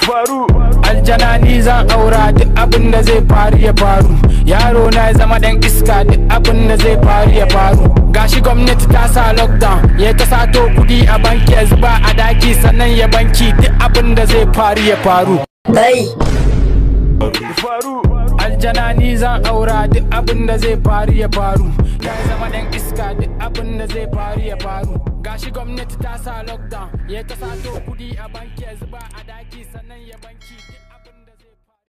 faru aljana ni zan aura duk abin da zai faru ya faru yaro na zama dan iska duk abin da zai faru ya faru gashi gwamnati ta sa lockdown ya ta sato kudi a banki ya zuba a daki sannan ya banki duk abin da zai faru ya faru faru aljana ni zan aura duk abin da zai faru ya faru ya zama dan iska duk abin da zai faru ya faru gashi gwamnati ta sa lockdown ya ta sato kudi